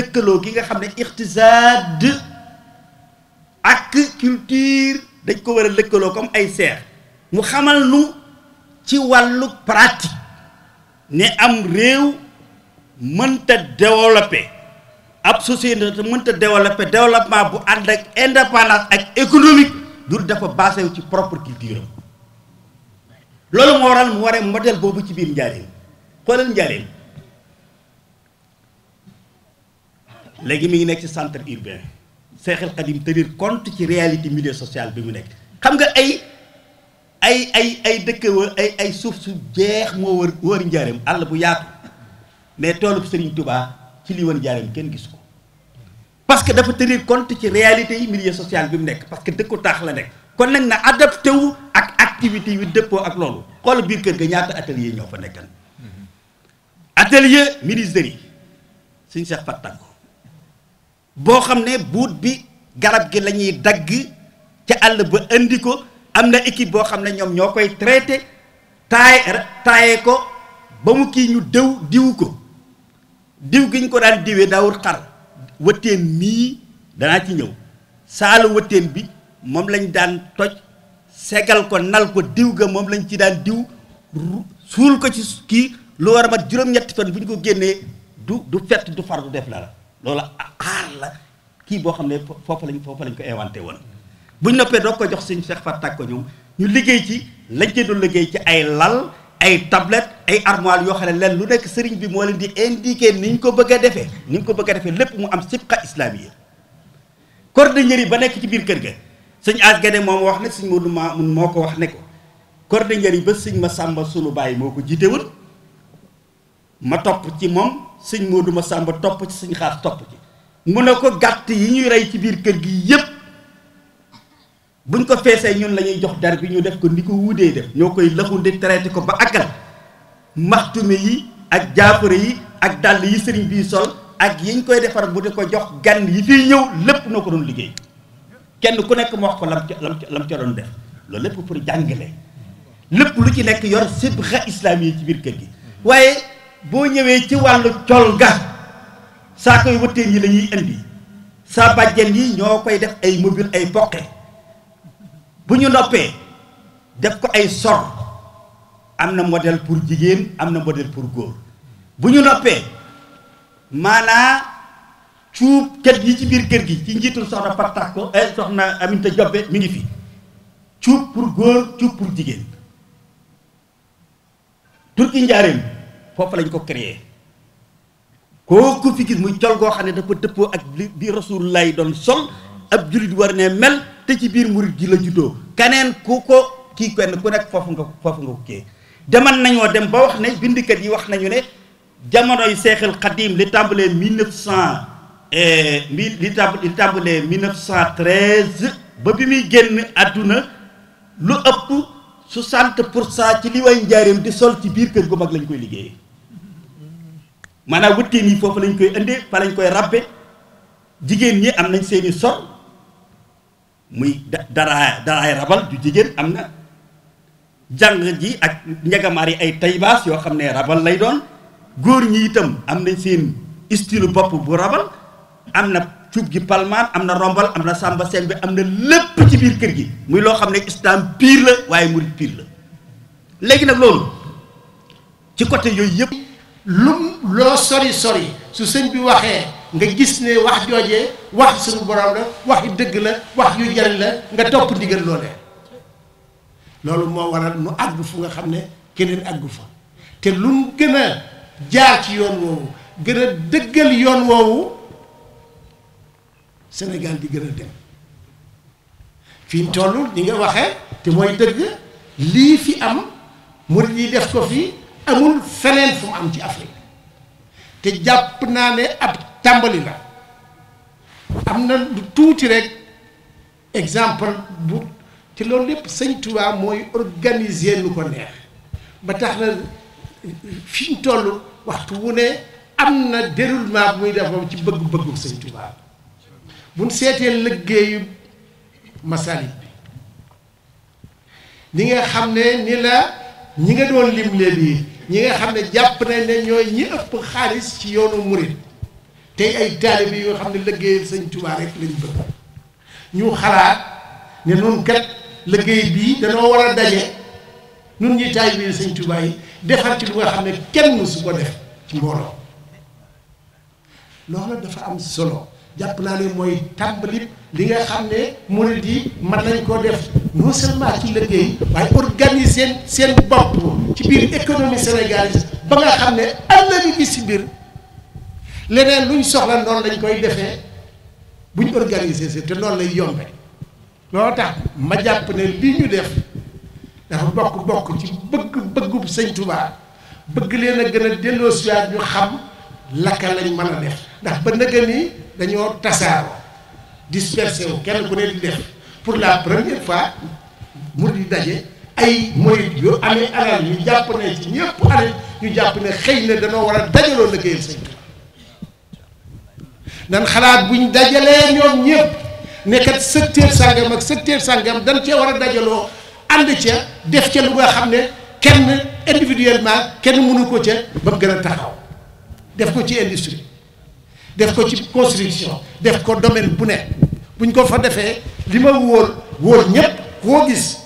lëkkaloo ki nga xam ne iqtisaad ak culture dañ ko war a lëkkaloo comme ay seer mu xamal nu ci wàllu pratique ne am réew mënta développé ab société mënta développé développement bu ànd ak indépendance ak économique du dafa basé wu ci propre culture loolu moo waral mu waree modèle boobu ci biir njaareem xoolal njaareem léegi mi ngi nekk ci centre urbain Seexal Xadim tenir compte ci réalité milieu social bi mu nekk xam nga ay ay ay ay dëkk wër ay ay suuf su jeex moo wër wër njaareem àll bu yaatu mais toolub Serigne tubaa ci li wër njaareem kenn gisu ko parce que dafa tenir compte ci réalité yi milieu social bi mu nekk parce que dëkku taax la nekk kon nag na adapté wu ak activité yu dëppoo ak loolu xool biir kër nga ñaata atelier ñoo fa nekkan mm-hmm. atelier ministère si suñ boo xam ne buut bi garab gi lañuy dagg ca àll ba indi ko am na équipe boo xam ne ñoom ñoo koy traité taaye taaye ko ba mu kii ñu dëw diw ko diw gi ñu ko daan diwee daawul xar wëttéen mii danaa ci ñëw saalu wëttéen bi moom lañ daan toj segal ko nal ko diw ga moom lañ ci daan diw suul ko ci kii lu war a mat juróom-ñetti fan bu ñu ko génnee du du fett du far du def la la loolu la kii boo xam ne foofu lañ foofu lañ ko inventé woon buñ noppee doo ko jox suñ Cheikh Fat ko ñoom ñu liggéey ci lañ ci doon liggéey ci ay lal ay tablette ay armoire yoo xam ne leen lu nekk sëriñ bi moo leen di indiqué ni ñu ko bëgg a defee ni ñu ko bëgg a lépp mu am sibqa islamiya cordonnier yi ba nekk ci biir kër ga sëñ as gane moom wax ne sëñ Modou Mamoun moo ko wax ne ko cordonnier yi ba sëñ ma sàmba sunu bàyyi moo ko jiite ma topp ci moom sëñ Modou ma sàmba topp ci sëñ xaas topp ci mu ne ko gàtt yi ñuy rey ci biir kër gi yépp buñ ko feesee ñun lañuy jox dar bi ñu def ko ni ko wuudee def ñoo koy lëxundi traité ko ba akal maxtume yi ak jaafare yi ak dàll yi sëriñ bii sol ak yiñ koy defar bu di ko jox gànn yi fiy ñëw lépp noo ko doon liggéey kenn ku nekk mu wax ko lam lam lam ca doon def loolu lépp pour jàngale lépp lu ci nekk yor sibra islaam yi ci biir kër gi waaye boo ñëwee ci wàllu col ga saa koy wëttéen yi lañuy indi saa bàjjen yi ñoo koy def ay mobile ay poqe bu ñu noppee def ko ay sor am na modèle pour jigéen am na modèle pour góor bu ñu noppee maanaa cuub ket yi ci biir kër gi ci njiitul soxna Fatou ko ay eh, soxna Aminta Jobbe mi ngi fi cuub pour góor cuub pour jigéen turki njaareem foofu lañ ko créer kooku fi gis muy col goo xam ne dafa tëppoo ak li bi rasulullah yi doon sol ab jullit war ne mel te ci biir murit gi la juddoo keneen ku ko kii kenn ku nekk foofu nga foofu nga ko kii demal nañoo dem ba wax ne bindikat yi wax nañu ne jamonoy seexal xadim li tàmbalee mille neuf cent eh, mille li tàmb li tàmbalee mille neuf ba bi muy génn àdduna lu ëpp soixante pour cent ci li way njaareem di sol ci biir kër gu mag lañ koy liggéeyee maanaam wëttéen yi foofu lañ koy inde fa lañ koy rabbe jigéen ñi am nañ seeni sor muy dara daraay rabal du jigéen am na jàng ji ak njagamaar yi ay taybaas yoo xam ne rabal lay doon góor ñi itam am nañ seen istilu bopp bu rabal am na cuub gi palmaan am na rombal am na sàmba seen bi am na lépp ci biir kër gi muy loo xam ne islam pire la waaye murid piir la léegi nag loolu ci côté yooyu yëpp lum loo sori sori su sëñ bi waxee nga gis ne wax joojee wax suñu borom la wax yu dëgg la wax yu jariñ la nga topp ndigal loolee loolu moo waral nu àgg fu nga xam ne keneen àggu fa te lu gën a jaar ci yoon woowu gën a dëggal yoon woowu Sénégal di gën a dem fi mu li nga waxee te mooy dëgg lii fi am murid yi def ko fi amul feneen fu am ci Afrique te jàpp naa ne ab tàmbali la am na lu tuuti rek exemple bu ci loolu lépp sëñ tubaab mooy organiser lu ko neex ba tax na fi ñu toll waxtu wu ne am na déroulement muy defam ci bëgg-bëggu sëñ Tuubaa bu ñu seetee liggéeyu masalit bi ni nga xam ne ni la. ñi nga doon lim léegi ñi nga xam ne jàpp nañ ne ñooy ñi ëpp xaalis ci yoonu murit tey ay taalibe yoo xam ne liggéey sëñ Tuubaa rek lañ bëgg ñu xalaat ne nun kat liggéey bii danoo war a daje nun ñi taalibe sëñ Tuubaa yi defar ci lu nga xam ne kenn mësu ko def ci mbooloo loolu dafa am solo jàpp naa ne mooy tàmbali li nga xam ne murid yi man nañ koo def non seulement ci liggéey waaye organiser seen bopp ci biir économie sénégalaise ba nga xam ne ëllëg gi si biir leneen luñ soxla noonu lañ koy defee buñ organiser si te noonu lay yombe loo tax ma jàpp ne li ñu def dafa bokk bokk ci bëgg bëggub sëñ Touba bëgg leen a gën a delloosiwaat ñu xam laka lañ mën a def ndax ba nëgë nii dañoo tasaaroo dispersé wu kenn ku ne di def pour la première fois mu di daje ay moyit yu amee alal ñu jàpp ne ci ñëpp alal ñu jàpp ne xëy na danoo war a dajaloo liggéeyal Sëñ Tuubaa nan xalaat buñ dajalee ñoom ñëpp nekkat secteur sàngam ak secteur sàngam dañ cee war a dajaloo ànd ca def ca lu nga xam ne kenn individuellement kenn mënu ko ca ba mu gën a taxaw def ko ci industrie def ko ci construction def ko domaine bu ne buñ ko fa defee li ma wóor wóor ñëpp koo gis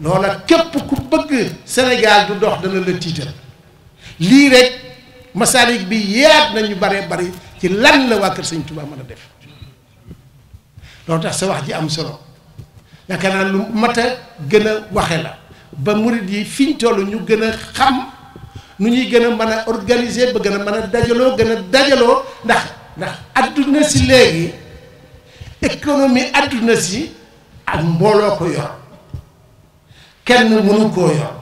loola képp ku bëgg Sénégal du dox dana la tiital lii rek Masalik bi yaat nañu bare bari ci lan la waa Kër Sëñ Touba mën a def loolu tax sa wax ji am solo yaakaar naa lu mat a gën a waxe la ba murid yi fiñ toll ñu gën a xam nu ñuy gën a mën a organiser ba gën a mën a dajaloo gën a dajaloo ndax ndax adduna si léegi économie adduna si ak mbooloo ko yor kenn mënu koo yor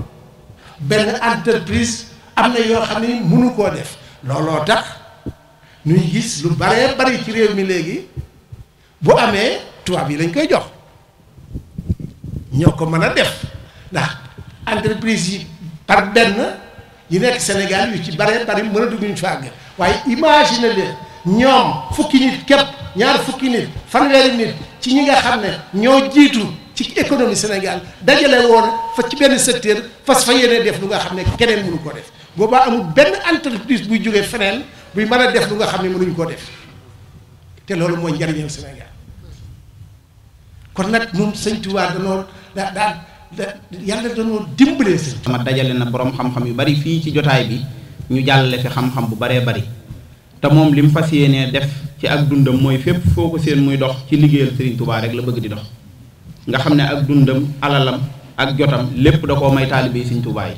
benn entreprise am na yoo xam ne mënu koo def looloo tax ñuy gis lu bare bari ci réew mi léegi bu amee tubaab yi lañ koy jox ñoo ko mën a def ndax entreprise yi par benn yi nekk Sénégal yu ci bare bari mën a dugg ñu fa àgg waaye imagine leen ñoom fukki nit képp ñaar fukki nit fanweeri nit ci ñi nga xam ne ñoo jiitu ci économie Sénégal dajale woon fa ci benn secteur fas fa yéene def lu nga xam ne keneen mënu koo def boobaa amul benn entreprise buy jógee feneen buy mën a def lu nga xam ne mënuñ koo def te loolu mooy njariñal Sénégal kon nag moom Sëñ Tuubaa danoo daa da yàlla danoo dimbalee sëñ ma dajale na boroom xam-xam yu bari fii ci jotaay bi ñu jàllale fi xam-xam bu baree bari te moom li mu fas yéenee def ci ak dundam mooy fépp foo ko seen muy dox ci liggéeyal Serigne rek la bëgg di dox nga xam ne ak dundam alalam ak jotam lépp da koo may taalibe yi Serigne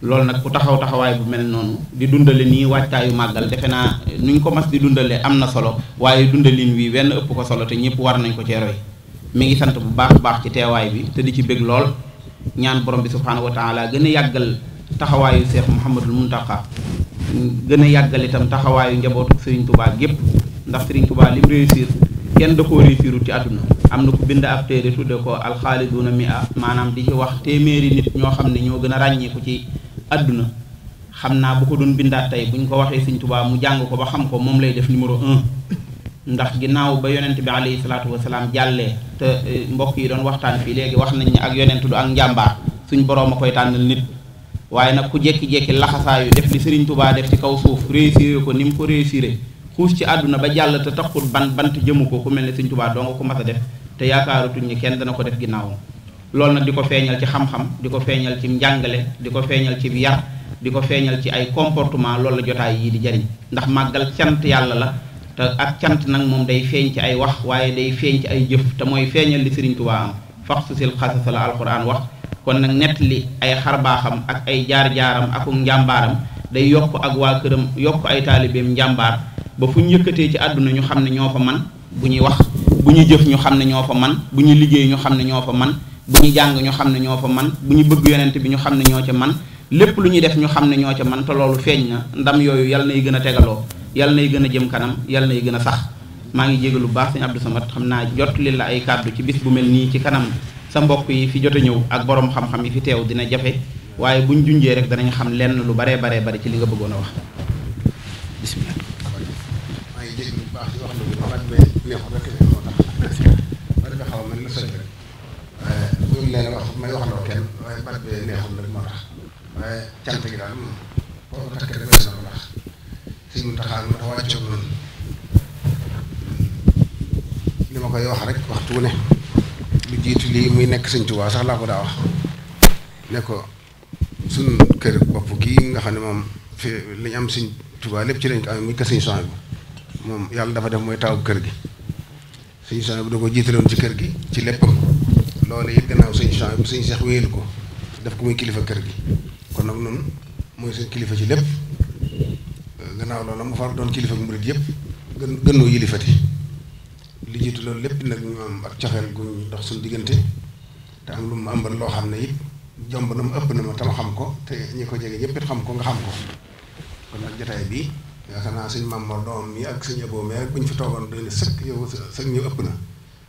loolu nag ku taxaw taxawaay bu mel noonu di dundale nii waajtaayu màggal defe naa nu ñu ko mas di dundale am na solo waaye dundalin wi wenn ëpp ko solo te ñëpp war nañ ko cee roy mi ngi sant bu baax baax ci teewaay bi te di ci bég lool ñaan borom bi subhaanahu wa taala gën a yàggal taxawaayu Cheikh Mouhamadul Mountakha gën a yàggal itam taxawaayu njabootu Serigne Touba gépp ndax Serigne Touba lim réussir kenn da koo réussirul ci àdduna am na ku bind ab téere tudde ko alxaaliduuna mi a maanaam di ci wax téeméeri ñoo xam ne ñoo gën a ràññeeku ci àdduna xam naa bu ko doon bindaat tey bu ñu ko waxee Serigne Touba mu jàng ko ba xam ko moom lay def numéro un ndax ginnaaw ba yonent bi alayhi salaatu wasalaam jàllee te eh, mbokk yi doon waxtaan fii léegi wax nañ ne ak yonent du ak njàmbaar suñ boroom a koy tànnal nit waaye nag ku jékki-jékki laxasaayu def li Serigne Touba def ci kaw suuf réussir ko ni mu ko réussiré xuus ci àdduna ba jàll te taxul ban bant jëmu ko ku mel ne Serigne tubaa doo nga ko mas a def te yaakaarutuñ ni kenn dana ko def ginnaaw loolu nag di ko feeñal ci xam-xam di ko feeñal ci njàngale di ko feeñal ci yar di ko feeñal ci ay comportement loolu la jotaay yii di jariñ ndax màggal cant yàlla la te ak cant nag moom day feeñ ci ay wax waaye day feeñ ci ay jëf te mooy feeñal li Serigne Touba am fax susil xasasa la alquran wax kon nag nettali ay xarbaaxam ak ay jaar-jaaram akum njàmbaaram day yokk ak waa këram yokk ay taalibeem njàmbaar ba fu ñu yëkkatee ci àdduna ñu xam ne ñoo fa man bu ñuy wax bu ñu jëf ñu xam ne ñoo fa man bu ñu liggéey ñu xam ne ñoo fa man bu ñu jàng ñu xam ne ñoo fa man bu ñu bëgg yonent bi ñu xam ne ñoo ca man lépp lu ñuy def ñu xam ne ñoo ca man te loolu feeñ na ndam yooyu yal nay gën a tegaloo yal nay gën a jëm kanam yal nay gën a sax maa ngi lu baax sëñ Abdou Samad xam naa jot li la ay kàddu ci bis bu mel nii ci kanam sa mbokk yi fi jot a ñëw ak boroom xam-xam yi fi teew dina jafe waaye buñ junjee rek danañ xam lenn lu baree baree bari ci li nga bëggoon a wax bisimilah. maa ngi dégg bu baax di wax lu baax di neex rek moo tax ma dafa xaw ma ne la soj rek waaye bu ñu leen wax may waxandoo kenn waaye baat bi neexul rek moo tax waaye cant gi daal moom foofu takk rek weesu na ko ndax suñu taxaal tax wàccoog noonu li ma koy wax rek waxtu ne. lu jiitu lii muy nekk sëñ Tuubaa sax laa ko daa wax ne ko suñ kër bopp gii nga xam ne moom fi li am sëñ Tuubaa lépp ci lañ ko amee muy kër sëñ Sohaybu moom yàlla dafa def mooy taawu kër gi sëñ Sohaybu da ko jiitaloon ci kër gi ci léppam loolu it gannaaw sëñ Sohaybu sëñ Seex wéyal ko def ko muy kilifa kër gi kon nag noonu mooy seen kilifa ci lépp gannaaw loolu mu far doon kilifa ak murit yëpp gën gënoo yilifati li jiitu loolu lépp nag ñu am ak coxeel gu ñu dox suñu diggante te am lu mu àmbal loo xam ne it jomb na ma ëpp na ma tam xam ko te ñi ko jege ñëpp xam ko nga xam ko kon nag jotaay bi yaakaar naa suñu maam Mor doom ak suñu aboom yi bu fi toogoon doy na sëkk ñu ëpp na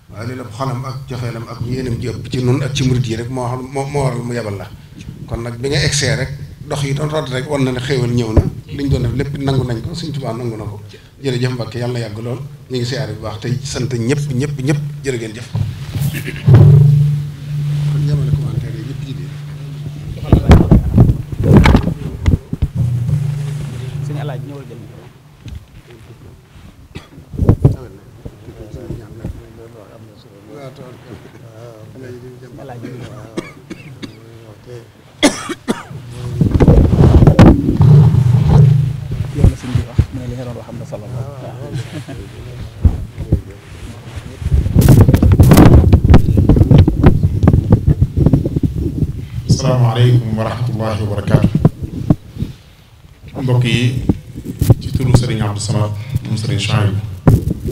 waaye li la xolam ak coxeelam ak yéenam ji ëpp ci nun ak ci murit yi rek moo xam moo waral mu yebal la kon nag bi nga egsee rek. dox yi doon root rek war na ne xéewal ñëw na li ñu doon def lépp nangu nañ ko Sëñ Tuubaa nangu na ko jërëjëf Mbàkke yàlla yàgg lool ñu ngi siyaare bu baax tey sant ñëpp ñëpp ñëpp jërë ngeen jëf Muhammad sallallahu alayhi wa sallam mbokk yi ci turu Serigne Abdou Samad moom Serigne Chambou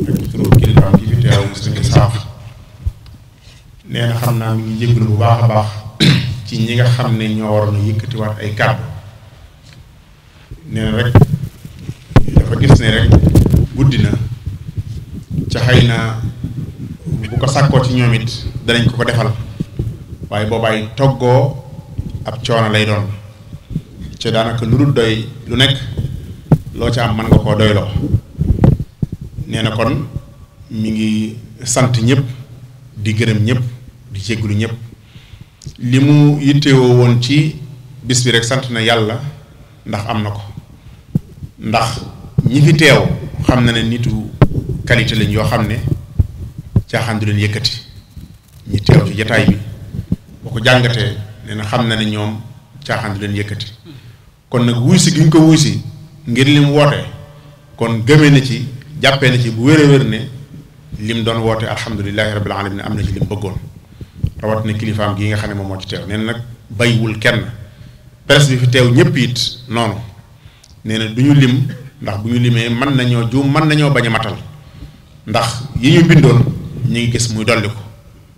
ak ci turu kilifaam gi fi teew Serigne Saaf nee na xam naa mu ngi lu bu baax baax ci ñi nga xam ne ñoo waroon a yëkkatiwaat ay kàddu nee na rek gis ne rek guddi na ca xëy na bu ko sàkkoo ci ñoom it danañ ko ko defal waaye boobaay toggoo ab coono lay doon ca daanaka lu dul doy lu nekk loo ca am mën nga koo doyloo nee na kon mi ngi sant ñëpp di gërëm ñëpp di jéggulu ñëpp li mu yittewoo woon ci bis bi rek sant na yàlla ndax am na ko ndax ñi fi teew xam na ne nitu qualité lañ yoo xam ne caaxaan du leen yëkkati ñi teew ci jataay bi boo ko jàngatee nee xam na ne ñoom caaxaan du leen yëkkati kon nag wuy si gi ñu ko wuy si ngir lim woote kon gëmee na ci jàppee na ci bu wér a wér ne lim doon woote alhamdulilahi rabbil alamin am na ci lim bëggoon rawat na kilifaam gii nga xam ne moom moo ci teew nee na nag bayiwul kenn presse bi fi teew ñëpp it noonu nee du ñu lim ndax bu ñu limee mën nañoo juum man nañoo bañ a matal ndax yi ñu bindoon ñu ngi gis muy dolli ko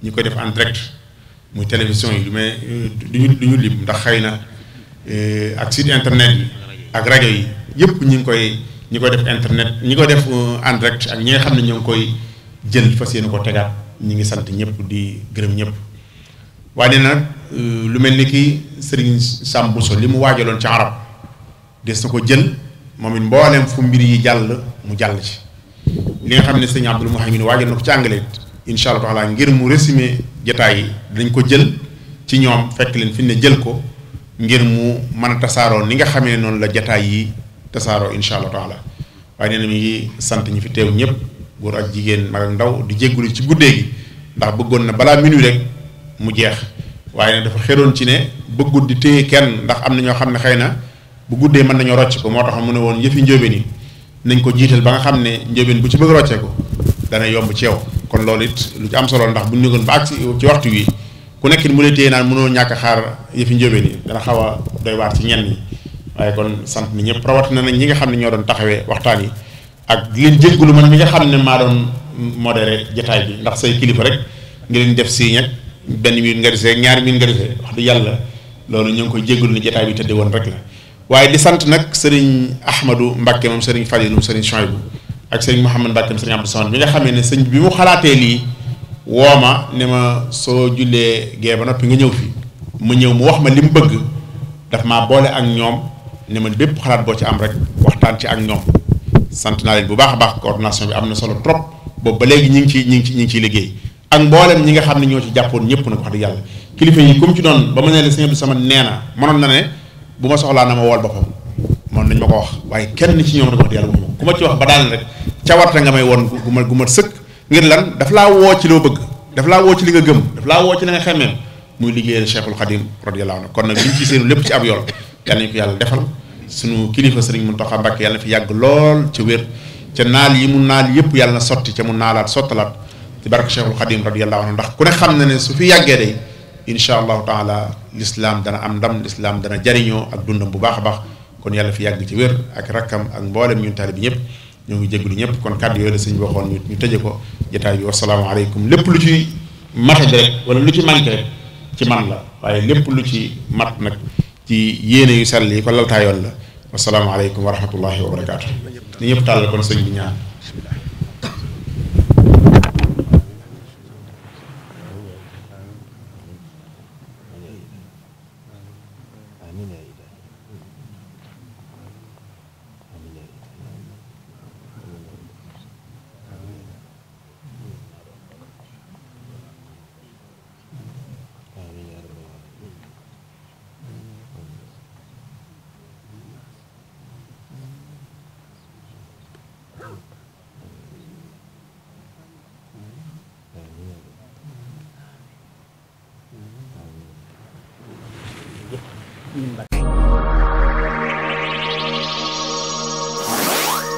ñi koy def en muy télévision yi du may euh, duñu ñu lim ndax xëy na euh, ak site internet yi ak rajo yi yëpp ñu ngi koy ñi koy def internet ñi koy def euh, en direct ak ñi nga xam ne ñoo ngi koy jël fas yéene ko tegaat ñu ngi sant ñëpp di gërëm ñëpp waaye nag lu mel ni ki Serigne Sam Bousso li mu waajaloon ci arab des na ko jël moom it mbooleem fu mbir yi jàll mu jàll ci li nga xam ne sëñ Abdul Muhamin waajal na ko ci àngale incha allah taala ngir mu résumé jataay yi dañ ko jël ci ñoom fekk leen fi ne jël ko ngir mu mën a tasaaroo ni nga xamee noonu la jataay yi tasaaroo incha allah taala waaye nee na sant ñi fi teew ñëpp góor ak jigéen mag ndaw di jéggulu ci guddee gi ndax bëggoon na balaa minuit rek mu jeex waaye ne dafa xeroon ci ne bëggut di téye kenn ndax am na ñoo xam ne xëy na bu guddee mën nañoo rocc ko moo tax mu ne woon yëfi njóobeen ni nañ ko jiital ba nga xam ne njóobeen bu ci bëgg rocce ko dana yomb ci yow kon loolu it lu ci am solo ndax bu ñu nekkoon ba àgg ci waxtu wi ku nekk mu lay téye naan mënoo ñàkk a xaar yëfi yi dana xaw a doy waar ci ñenn ñi waaye kon sant ni ñëpp rawatina nañ ñi nga xam ne ñoo doon taxawee waxtaan yi ak leen lu man mi nga xam ne maa doon modéré jataay bi ndax say kilifa rek nga leen def si ñag benn minute nga dese ñaari minute nga dese wax du yàlla loolu ñu ngi koy lu ne jataay bi tëdde woon rek la waaye di sant nag sëriñ Ahmadou Mbacke moom sëriñ Fadilou sëriñ Chouaïbou ak sëriñ Mouhamad Mbacke moom sëriñ Abdou Samad bi nga xam ne sëñ bi mu xalaatee lii woo ma ne ma soo jullee gee ba noppi nga ñëw fii mu ñëw mu wax ma li mu bëgg daf maa boole ak ñoom ne ma bépp xalaat boo ci am rek waxtaan ci ak ñoom sant naa leen bu baax a baax coordination bi am na solo trop boobu ba léegi ñi ngi ci ñi ngi ci ñi ngi ciy liggéey ak mboolem ñi nga xam ne ñoo ci jàppoon ñëpp nag wax dëgg yàlla kilifa yi comme ci doon ma ne la sëñ Abdou nee na mënoon na bu ma soxlaa na ma wool boppam moom nañ ma ko wax waaye kenn ci ñoom rek wax yàlla ku ma ci wax ba daal rek cawarte nga may woon gu ma gu ma sëkk ngir lan daf laa woo ci loo bëgg daf laa woo ci li nga gëm daf laa woo ci li nga xemmeem muy liggéeyal Cheikhul Khadim radiyallahu anhu kon nag liñ ci seenu lépp ci ab yool yàlla nañu ko yàlla defal sunu kilifa sëriñ Mountakha Mbacké yàlla na fi yàgg lool ci wér ca naal yi mu naal yëpp yàlla na sotti ca mu naalaat sottalaat ci barke Cheikhul Khadim radiyallahu anhu ndax ku ne xam na ne su fi yàggee day incha allahu taala lislaam dana am ndam lislaam dana jariñoo ak dundam bu baax a baax kon yàlla fi yàgg ci wér ak rakkam ak mboolem ñun taalibe bi ñëpp ñoo ngi jégalu ñëpp kon kàddu yooyu sëñ bi waxoon ñu ñu tëje ko jotaay bi wasalaamaaleykum lépp lu ci mate rek wala lu ci manqué ci man la waaye lépp lu ci mat nag ci yéene yu sell yi ko laltaayoon la wasalaamaaleykum wa rahmatullahi wa barakaatu ni ñëpp tàll kon sëñ bi ñaan bismillah ñun Mbacke